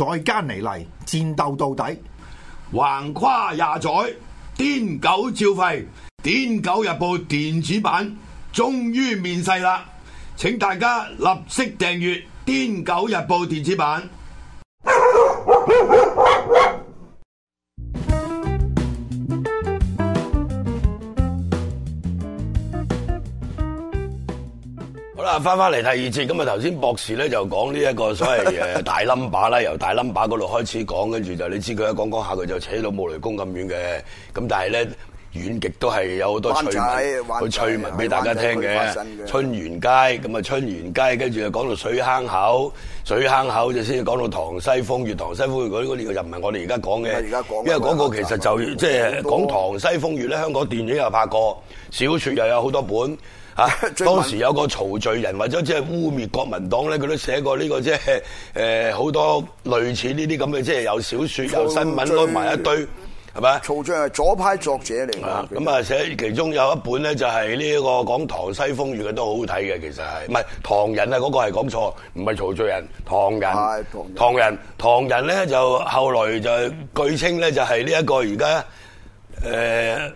再加泥嚟，戰鬥到底，橫跨廿載，癲狗照吠。癲狗日報電子版終於面世啦！請大家立即訂閱癲狗日報電子版。好啦，翻翻嚟第二節咁啊！頭先博士咧就講呢一個所謂誒大 number 啦，由大 number 嗰度開始講，跟住就你知佢一講講下，佢就扯到冇雷公咁遠嘅。咁但係咧遠極都係有好多趣聞，佢趣聞俾大家聽嘅。春園街咁啊，春園街跟住就講到水坑口，水坑口就先講到唐西風月《唐西風月》。多《唐西風月》嗰啲嗰啲就唔係我哋而家講嘅，因為嗰個其實就即係講《唐西風月》咧。香港電影又拍過，小説又有好多本。啊！當時有個曹聚仁，或者即、就、係、是、污蔑國民黨咧，佢都寫過呢、這個即係誒好多類似呢啲咁嘅即係有小説、有新聞罪都埋一堆，係咪？曹聚仁係左派作者嚟嘅。咁啊，寫其中有一本咧、這個，就係呢個講唐西風雨嘅都好好睇嘅，其實係唔係唐人啊？嗰個係講錯，唔係曹聚仁，唐人。唐人，唐人。唐人，唐人咧就後來就據稱咧就係呢一個而家誒。呃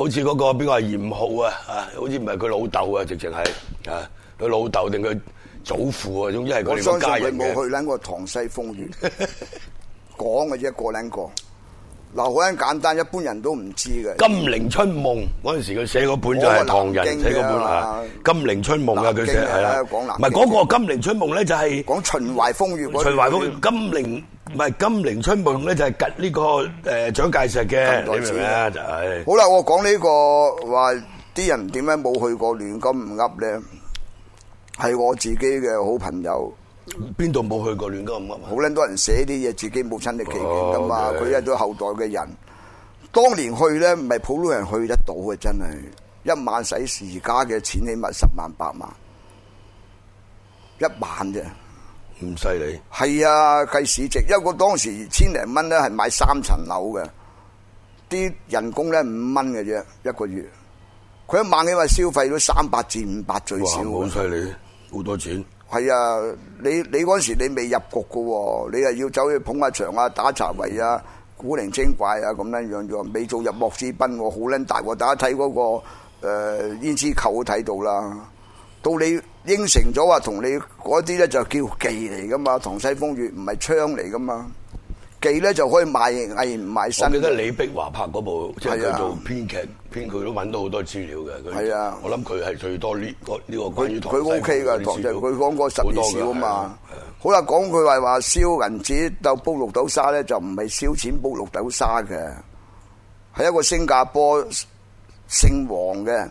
好似嗰、那個邊個啊嚴浩啊，啊，好似唔係佢老豆啊，直情係啊，佢老豆定佢祖父啊，總之係佢哋家人嘅。冇去過，嗱 個《唐西風月》講嘅啫，個兩個嗱，好簡單，一般人都唔知嘅。《金陵春夢》嗰陣時佢寫個本就係唐人寫個寫本啊，《金陵春夢》啊，佢寫係啦，唔係嗰個《金陵春夢、就是》咧就係講秦淮風月秦淮風月金陵。唔係金陵春夢咧，這個，就係吉呢個誒蔣介石嘅，係咪啊？就係是。好啦，我講呢，這個話，啲人點解冇去過亂金唔噏咧？係我自己嘅好朋友，邊度冇去過亂金唔噏？好捻多人寫啲嘢，自己冇親歷其境噶嘛？佢係都後代嘅人，當年去咧，唔係普通人去得到嘅，真係一晚使時家嘅錢起碼十萬八萬，一晚啫。咁犀利？係啊，計市值因為當時千零蚊咧，係買三層樓嘅，啲人工咧五蚊嘅啫，一個月。佢一晚佢話消費咗三百至五百最少。好犀利，好多錢。係啊，你你嗰時你未入局噶，你又要走去捧下場啊，打茶圍啊，古靈精怪啊，咁樣樣，仲未做入幕之賓，好捻大喎！大家睇嗰個誒胭脂扣都睇到啦。到你應承咗話同你嗰啲咧就叫妓嚟噶嘛，《唐西風月》唔係槍嚟噶嘛，妓咧就可以賣藝唔賣身。我記得李碧華拍嗰部，即係佢做編劇編，佢都揾到好多資料嘅。係啊，我諗佢係最多呢、這個呢個佢佢 OK 㗎，《唐》佢講過十二少啊嘛。啊啊好啦，講佢話話燒銀紙鬥煲綠豆沙咧，就唔係燒錢煲綠豆沙嘅，係一個新加坡姓黃嘅。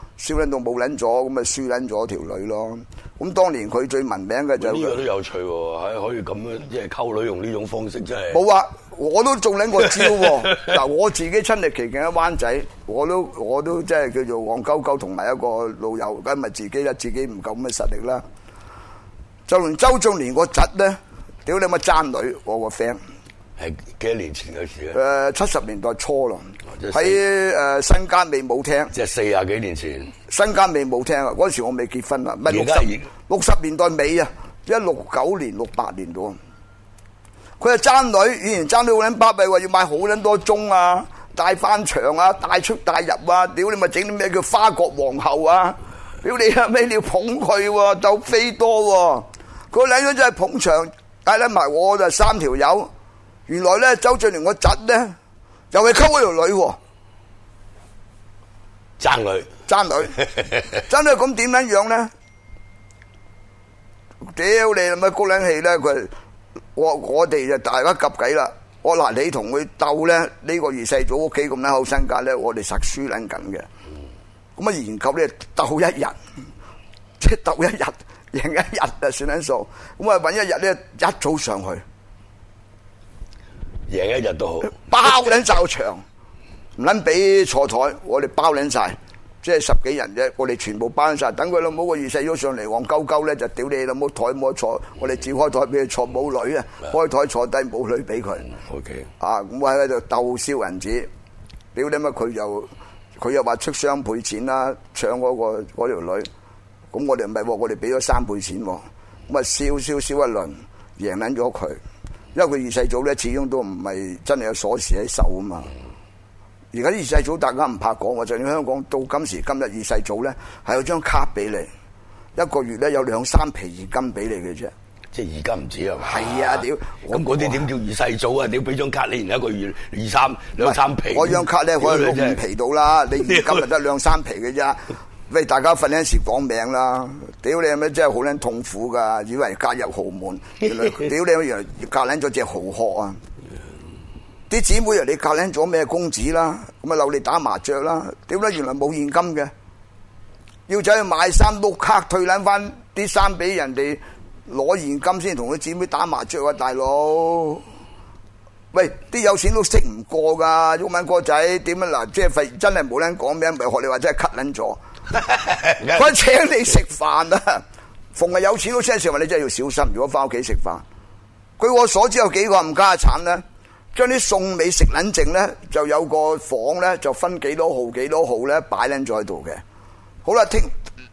少捻到冇捻咗，咁咪輸捻咗條女咯。咁當年佢最聞名嘅就呢個都有趣喎，可以咁樣即係溝女用呢種方式真係。冇啊，我都中捻過招。嗱， 我自己親歷其境喺灣仔，我都我都即係叫做戇鳩鳩，同埋一個老友，咁咪自己啦，自己唔夠咁嘅實力啦。就連周仲年個侄咧，屌你咪爭女，我個 friend。係幾多年前嘅事咧？誒，七十年代初咯，喺誒新家未舞廳，即係四廿幾年前。新家未舞廳啊！嗰時我未結婚啊，唔係六十年六十年代尾啊，一六九年六八年度。佢係爭女，以前爭女好捻巴閉，話要買好捻多鐘啊，帶翻場啊，帶出帶入啊，屌你咪整啲咩叫花國皇后啊！屌你咩？你要捧佢喎，鬥飛多喎，個靚女真係捧場，帶得埋我就三條友。原來咧，周俊年個侄咧，又係溝嗰條女，爭女，爭女，爭女咁點樣樣咧？屌你咪高冷氣啦！佢我我哋就大家夾計啦。我嗱你同佢鬥咧，呢個二世祖屋企咁樣好身家咧，我哋實輸撚緊嘅。咁啊研究咧鬥一日，即係鬥一日贏一日就算撚數。咁啊揾一日咧一早上去。贏一日都好， 包捻就場，唔捻俾坐台，我哋包捻晒，即係十幾人啫，我哋全部包捻晒。等佢老母個二世咗上嚟，黃鳩鳩咧就屌你老母台冇坐，我哋照開台俾佢坐冇女，坐女、嗯 okay. 啊，開台坐低冇女俾佢。O K，啊咁係咪就鬥燒銀紙？屌你媽，佢又佢又話出雙倍錢啦，搶嗰、嗰個條、嗰個、女，咁我哋唔係，我哋俾咗三倍錢，咁啊燒燒燒一輪，贏捻咗佢。因為佢二世祖咧，始終都唔係真係有鎖匙喺手啊嘛。而家二世祖大家唔怕講，我仲要你香港到今時今日二世祖咧，係有張卡俾你，一個月咧有兩三皮現金俾你嘅啫。即係現金唔止係嘛？係啊，屌、啊！咁嗰啲點叫二世祖啊？屌，俾張卡你，而家一個月二三兩三皮。我張是卡咧可以攞五皮到啦，是是你今日都得兩三皮嘅啫。 喂，大家瞓醒時講名啦，屌你阿妹真係好卵痛苦噶，以為嫁入豪門，屌你原來隔卵咗隻豪殼啊！啲姊 妹人哋隔卵咗咩公子啦？咁啊留你打麻雀啦？屌咧？原來冇現金嘅，要走去買衫，碌卡退卵翻啲衫俾人哋攞現金先，同佢姊妹打麻雀啊！大佬，喂，啲有錢都識唔過噶，毓民哥仔，點樣嗱？即係費真係冇卵講名，咪係學你話真係咳卵咗。我 請你食飯啊！逢係有錢都請食，話你真係要小心。如果返屋企食飯，據我所知有幾個冚家鏟咧將啲餸你食撚剩咧，就有個房咧，就分幾多號幾多號咧，擺撚咗喺度嘅。好啦，聽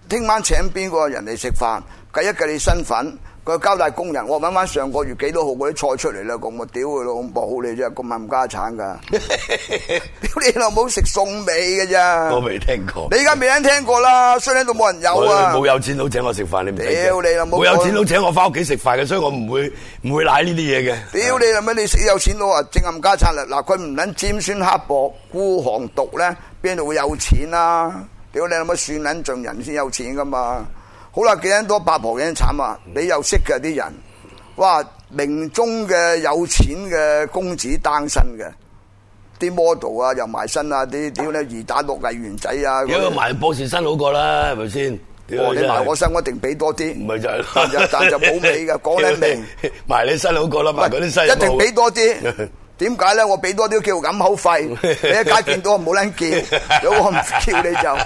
聽晚請邊個人嚟食飯，計一計你身份。佢交代工人，我揾翻上個月幾多號嗰啲菜出嚟啦？咁我屌佢老母，好你啫，咁冚家產噶！屌你老母，食餸味嘅啫，我未 聽過。你而家未撚聽過啦，衰撚都冇人有啊。冇有錢佬請我食飯，你屌唔聽。冇有錢佬請我翻屋企食飯嘅，所以我唔會唔會賴呢啲嘢嘅。屌你老母，你食有錢佬啊，正冚家產啦！嗱，佢唔撚尖酸刻薄孤寒毒咧，邊度會有錢啊？屌你老母，算撚盡人先有錢噶嘛？好啦，幾多八婆咁慘啊！你又識嘅啲人，哇，名中嘅有錢嘅公子單身嘅，啲 model 啊，又埋身啊，啲屌你二打六藝員仔啊，屌埋博士生好過啦，係咪先？哦，你埋我身，我一定俾多啲。唔係就係，但就冇尾嘅，講得明。埋你身好過啦嘛，嗰啲西一定俾多啲。點解咧？我俾多啲叫掩口費，你喺街見到我冇卵叫，如果我唔叫你就，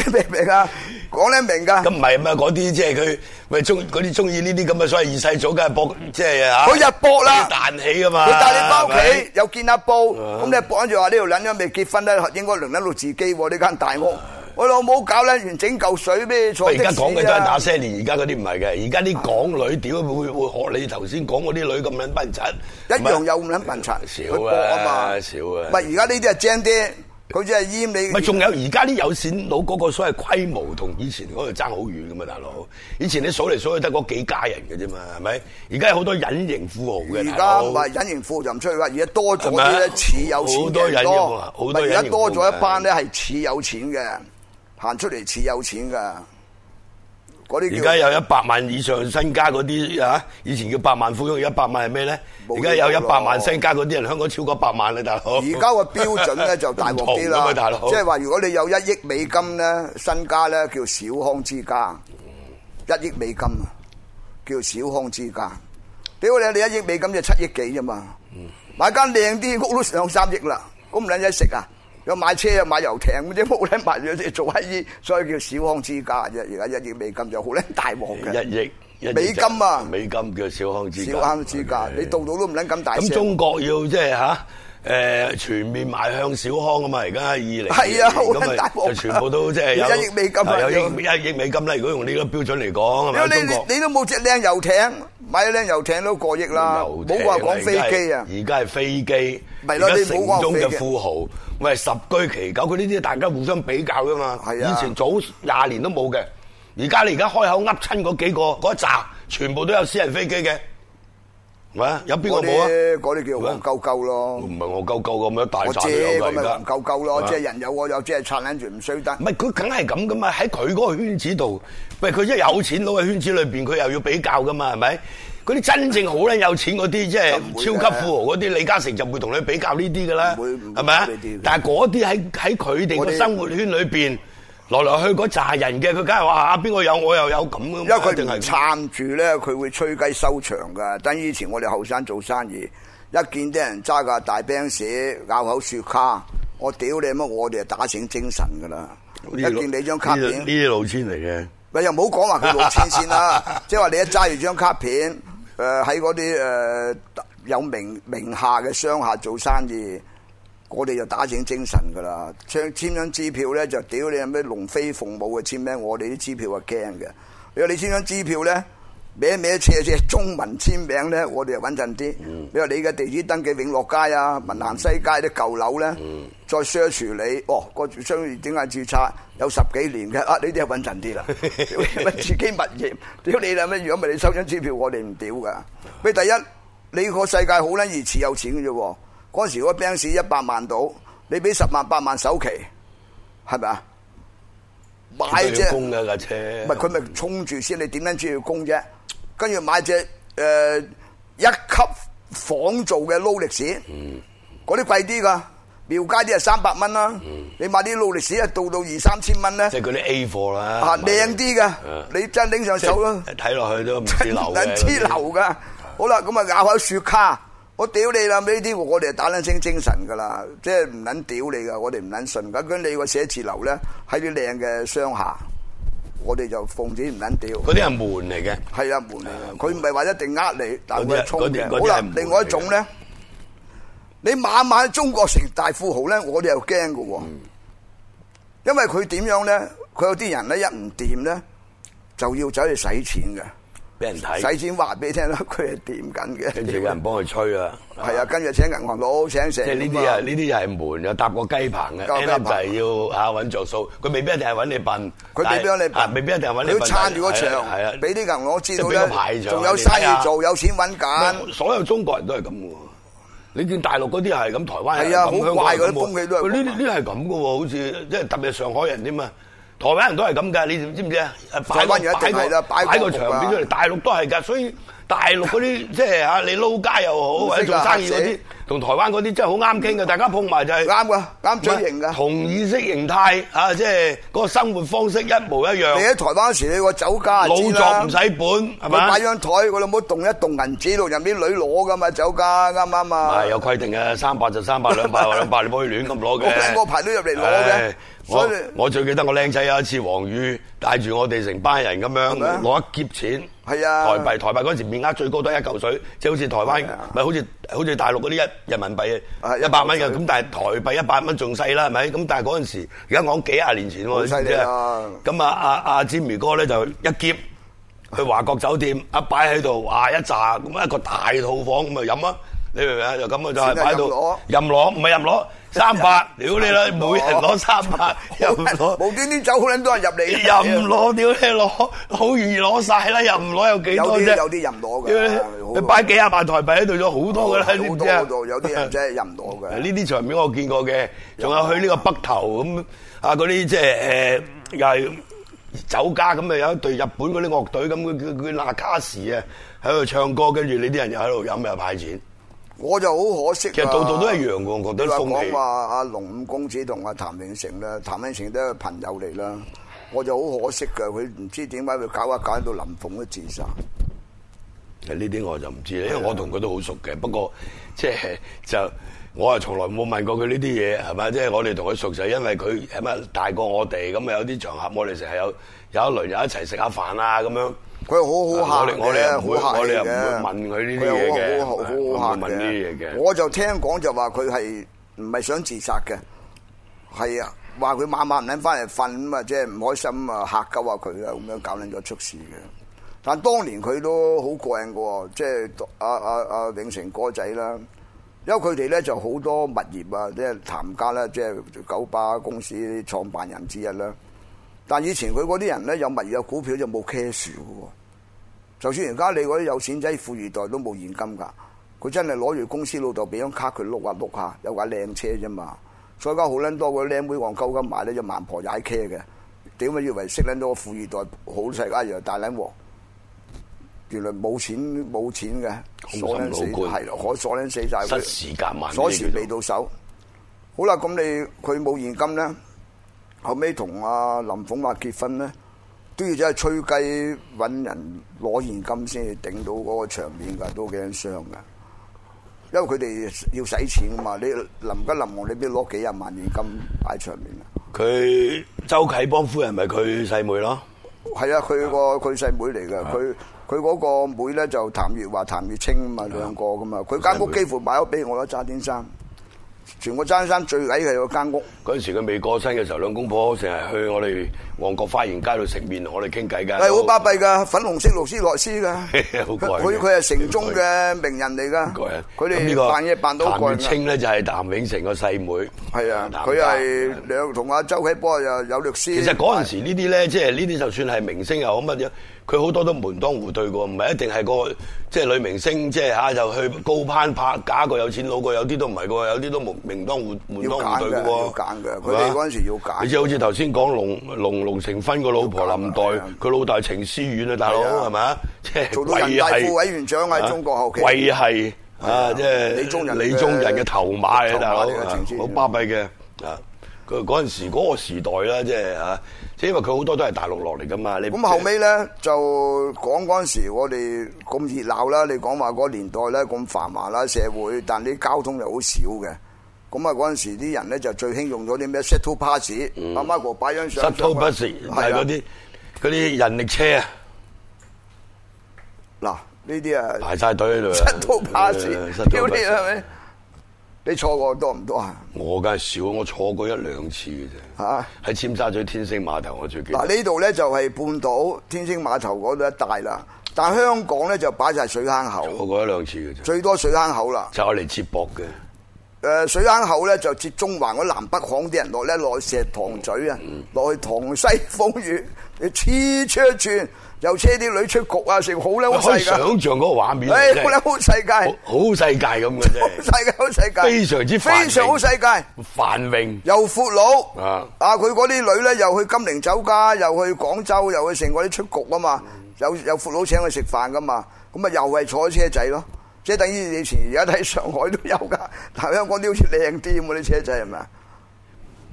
你明唔明啊？講得明噶，咁唔係咪？嗰啲即係佢喂中嗰啲中意呢啲咁嘅，所謂二世祖梗係搏，即係啊！佢入搏啦，要彈起噶嘛？佢帶你返屋企，又建壓布，咁你搏住話呢度捻咗未結婚咧，應該輪捻到自己呢間大屋。我老母搞捻完整舊水咩？我而家講嘅都係那些年，而家嗰啲唔係嘅。而家啲港女點解，會會學你頭先講嗰啲女咁捻笨柒，一樣有咁捻笨柒少啊，少啊。喂而家呢啲係正啲。佢只係淹你。咪仲有而家啲有錢佬嗰個所謂規模，同以前嗰度爭好遠噶嘛，大佬。以前你數嚟數去得嗰幾家人嘅啫嘛，係咪？而家有好多隱形富豪嘅。而家唔係隱形富豪，就唔出去啦。而家多咗啲咧，似有錢嘅多。好多而家多咗一班咧，係似有錢嘅，行出嚟似有錢噶。而家有一百萬以上身家嗰啲啊，以前叫百萬富翁，一百萬係咩咧？而家有一百萬身家嗰啲人，香港超過百萬啦，大佬。而家個標準咧就 大鑊啲啦，即係話如果你有一億美金咧身家咧，叫小康之家。一億美金啊，叫小康之家。屌你，你一億美金就七億幾啫嘛，買間靚啲屋都上三億啦，咁唔兩隻食啊！又買又買又有買車有買遊艇啲冇咧，買咗啲做乞衣，所以叫小康之家。而而家一億美金就好靚，大鑊嘅。一億美金啊！美金叫小康之家。小康之家，的你度度都唔拎咁大咁中國要即係嚇誒全面邁向小康啊嘛！而家二嚟。係啊，好大鑊，全部都即係一億美金、啊、一,億一億美金啦，如果用呢個標準嚟講，因為、嗯、吧你國你都冇隻靚遊艇。買一輛遊艇都過億啦，冇話講飛機啊！而家係飛機，而家城中嘅富豪，我係十居其九。佢呢啲大家互相比較噶嘛。係啊。以前早廿年都冇嘅，而家你而家開口噏親幾個，一紮，全部都有私人飛機嘅。喂，有邊個冇啊？嗰啲叫我唔鳩鳩咯，唔係我鳩鳩咁樣大曬都有嘅。我借咁啊鳩咯，即係人有我有，即係刷眼，住唔衰得。唔係佢梗係咁噶嘛，喺佢嗰個圈子度，喂，佢即係有錢佬嘅圈子裏邊，佢又要比較噶嘛，係咪？嗰啲真正好咧，有錢嗰啲即係超級富豪嗰啲，李嘉誠就唔會同你比較呢啲噶啦，係咪啊？是是但係嗰啲喺喺佢哋嘅生活圈裏邊。些來來去去嗰扎人嘅，佢梗係話啊，邊個有我又有咁。因為佢定係撐住咧，佢會吹雞收場噶。等於以前我哋後生做生意，一見啲人揸架大 Benz 咬口雪茄，我屌你乜，我哋就打醒精神噶啦。是一見你張卡片，呢啲老千嚟嘅。咪又唔好講話佢老千先啦，即係話你一揸住張卡片，誒喺嗰啲誒有名名下嘅商下做生意。我哋就打醒精神噶啦，簽簽張支票咧，就屌你係咩龍飛鳳舞嘅簽名，我哋啲支票啊驚嘅。你話你簽張支票咧，咩歪歪斜斜中文簽名咧，我哋就穩陣啲。嗯、你話你嘅地址登記永樂街啊、文咸、嗯、西街啲舊樓咧，嗯、再 search 你，哦個商業點解註冊有十幾年嘅啊？呢啲啊穩陣啲啦， 自己物業，屌你啊乜？如果唔係你收張支票，我哋唔屌噶。喂，第一，你個世界好撚，而似有錢嘅啫喎。嗰時嗰個兵士一百萬到，你俾十萬八萬首期，係咪啊？買啫，唔係佢咪充住先？你點樣知要供啫？跟住買隻誒一級仿造嘅勞力士，嗰啲貴啲噶，廟街啲係三百蚊啦。你買啲勞力士啊，到到二三千蚊咧。即係嗰啲 A 貨啦，靚啲噶，你真拎上手咯。睇落去都兩支流噶，好啦，咁啊咬開雪卡。我屌你啦！呢啲我哋係打捻清精神噶啦，即係唔捻屌你噶，我哋唔捻信。咁樣你個寫字樓咧喺啲靚嘅商廈，我哋就奉旨唔捻屌。嗰啲係門嚟嘅，係啊，門嚟嘅。佢唔係話一定呃你，但係佢係衝嘅。好啦，另外一種咧，你晚晚中國城大富豪咧，我哋又驚噶。因為佢點樣咧？佢有啲人咧，一唔掂咧，就要走去使錢嘅。俾人睇，使錢話俾你聽啦，佢係掂緊嘅。跟住有人幫佢吹啊，係啊，跟住請銀行佬請食。即係呢啲啊，呢啲又係門又搭過雞棚嘅。你諗係要嚇揾著數，佢未必一定係揾你笨，佢未必係，啊，未必一定揾你笨。你要撐住個場，係啊，俾啲銀行佬知道咧，仲有生意做，有錢揾緊。所有中國人都係咁喎，你見大陸嗰啲係咁，台灣人係啊，好怪嗰啲風氣都係。呢啲呢係咁嘅喎，好似即係特別上海人添嘛。台灣人都係咁噶，你知唔知啊？擺個擺個擺個場面出嚟，大陸都係噶，所以大陸嗰啲即係吓你撈街又好，或者做生意嗰啲，同台灣嗰啲真係好啱傾噶，大家碰埋就係啱噶，啱嘴型噶，同意識形態吓即係嗰個生活方式一模一樣。你喺台灣時，你個酒家老作唔使本係嘛？擺張台，唔好動一動銀紙，同入面女攞噶嘛酒家啱唔啱啊？係有規定嘅，三百就三百，兩百或兩百，你唔可以亂咁攞嘅。我個牌都入嚟攞嘅。我我最記得我僆仔有一次，黃宇帶住我哋成班人咁樣攞一攬錢，台幣台幣嗰陣時面額最高都係一嚿水，即係好似台灣，唔係好似好似大陸嗰啲一人民幣啊，一百蚊嘅。咁但係台幣一百蚊仲細啦，係咪？咁但係嗰陣時，而家講幾廿年前喎，犀利啦。咁啊啊啊，詹哥咧就一攬去華國酒店，一擺喺度，哇一扎咁一個大套房咁咪飲囉！你明唔明啊？就咁就係擺度，任攞唔係任攞。三百，屌你啦！每人攞三百，又攞無端端走好撚多人入嚟，又唔攞，屌你攞，好容易攞晒啦！又唔攞有幾多啫？有啲人攞嘅，你擺幾廿萬台幣喺度，咗好多噶啦，好多有啲人真係任攞嘅。呢啲場面我見過嘅，仲有去呢個北投咁啊，嗰啲即係誒又係酒家咁啊，有一隊日本嗰啲樂隊咁，佢佢佢那卡西啊喺度唱歌，跟住你啲人又喺度飲又派錢。我就好可惜，其實度度都係一樣噶，我覺得。即係講阿龍五公子同阿譚永成，咧，譚永成都係朋友嚟啦。我就好可惜嘅，佢唔知點解會搞一搞，搞，一搞到林鳳都自殺。誒呢啲我就唔知咧，因為我同佢都好熟嘅。是的 不過即係就，是、就我係從來冇問過佢呢啲嘢係咪？即係、就是、我哋同佢熟就係因為佢起碼大過我哋，咁啊有啲場合我哋成日有有一輪就一齊食下飯啊咁樣。佢好好客嘅，好客嘅。問佢呢啲嘢嘅，我唔會問呢啲嘢嘅。我就聽講就話佢係唔係想自殺嘅？係啊，話佢晚晚唔肯翻嚟瞓啊，即係唔開心啊嚇鳩下佢啦，咁樣搞亂咗出事嘅。但係當年佢都好過癮嘅，即係阿阿阿永成哥仔啦。因為佢哋咧就好多物業啊，即係譚家啦，即係九巴公司啲創辦人之一啦。但以前佢嗰啲人咧，有物業有股票就冇 cash 嘅，就算而家你嗰啲有錢仔富二代都冇現金噶，佢真係攞住公司老豆俾張卡佢碌下碌下，有架靚車啫嘛。所以而家好撚多個靚妹望高金買咧，就盲婆踩車嘅。點解以為識撚多富二代好世家好世界一大撚鑊，原來冇錢冇錢嘅鎖緊死，係咯，可鎖緊死曬。失時間慢啲，鎖匙未到手。嗯、好啦，咁你佢冇現金咧？後尾同阿林鳳華結婚咧，都要真係吹雞搵人攞現金先至頂到嗰個場面噶，都幾傷噶。因為佢哋要使錢噶嘛，你林吉林王你邊攞幾廿萬現金擺場面啊。佢周啟邦夫人咪佢細妹咯？係啊，佢、嗰個佢細妹嚟噶。佢佢嗰個妹咧就譚月華、譚月清咁啊兩個噶嘛。佢間、啊、屋幾乎買咗俾我啦，揸天山。全個青山最矮嘅嗰間屋，嗰陣時佢未過身嘅時候，兩公婆成日去我哋旺角花園街度食麵，我哋傾偈噶。係好巴閉噶，粉紅色勞斯萊斯噶，好貴。佢佢係城中嘅名人嚟噶，佢哋扮嘢扮到。陳清咧就係譚永成個細妹，係啊，佢係兩同阿周啟波又有律師。其實嗰陣時呢啲咧，即係呢啲就算係明星又好乜嘢。佢好多都門當戶對過，唔係一定係個即係女明星，即係吓，就去高攀拍假個有錢佬過，有啲都唔係過，有啲都門名當戶門當戶對過。要揀嘅，佢哋嗰陣時要揀。你知好似頭先講龍龍龍繩勳個老婆林黛，佢老豆程思遠啊，大佬係咪啊？做到人大常委委員長喺中國後期。貴係啊，即係李宗仁嘅頭馬啊，大佬，好巴閉嘅。佢嗰陣時嗰、嗰個時代啦，即係嚇，即因為佢好多都係大陸落嚟噶嘛。咁後尾咧就講嗰陣時，我哋咁熱鬧啦，你講話嗰年代咧咁繁華啦，社會，但啲交通又好少嘅。咁啊嗰陣時啲人咧就最興用咗啲咩 seto t pass，阿、嗯、媽哥擺張相，seto t pass 係嗰啲啲人力車啊。嗱，呢啲啊排晒隊喺度 seto t pass，你明唔明？你錯過多唔多啊？我梗係少，我錯過一兩次嘅啫。嚇、啊！喺尖沙咀天星碼頭我最記得。嗱呢度咧就係半島天星碼頭嗰度一帶啦。但香港咧就擺晒水坑口。錯過一兩次嘅啫。最多水坑口啦。就嚟接駁嘅。誒、呃、水坑口咧就接中環嗰南北行啲人落咧落去石塘咀啊，落、嗯、去塘西風雨。你黐車轉又車啲女出局啊，成好靚好世界。可以想象嗰個畫面，好靚好世界，好世界咁嘅啫，好世界好世界，非常之非常好世界，繁榮又闊佬啊！啊，佢嗰啲女咧又去金陵酒家，又去廣州，又去成嗰啲出局啊嘛，嗯、有有闊佬請佢食飯噶嘛，咁啊又係坐車仔咯，即係等於以前而家睇上海都有噶，但係香港啲好似靚啲噉啲車仔係咪啊？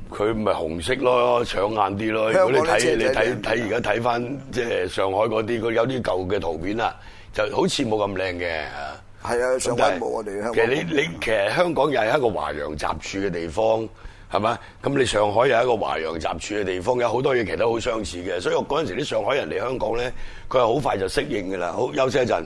佢唔係紅色咯，搶眼啲咯。如果你睇你睇睇而家睇翻即係上海嗰啲，佢有啲舊嘅圖片啊，就好似冇咁靚嘅。係啊，上海冇我哋香港。其實你你其實香港又係一個華洋雜處嘅地方，係嘛？咁你上海又係一個華洋雜處嘅地，地方，有好多嘢其實都好相似嘅。所以我嗰陣時啲上海人嚟香港咧，佢係好快就適應㗎啦。好，休息一陣。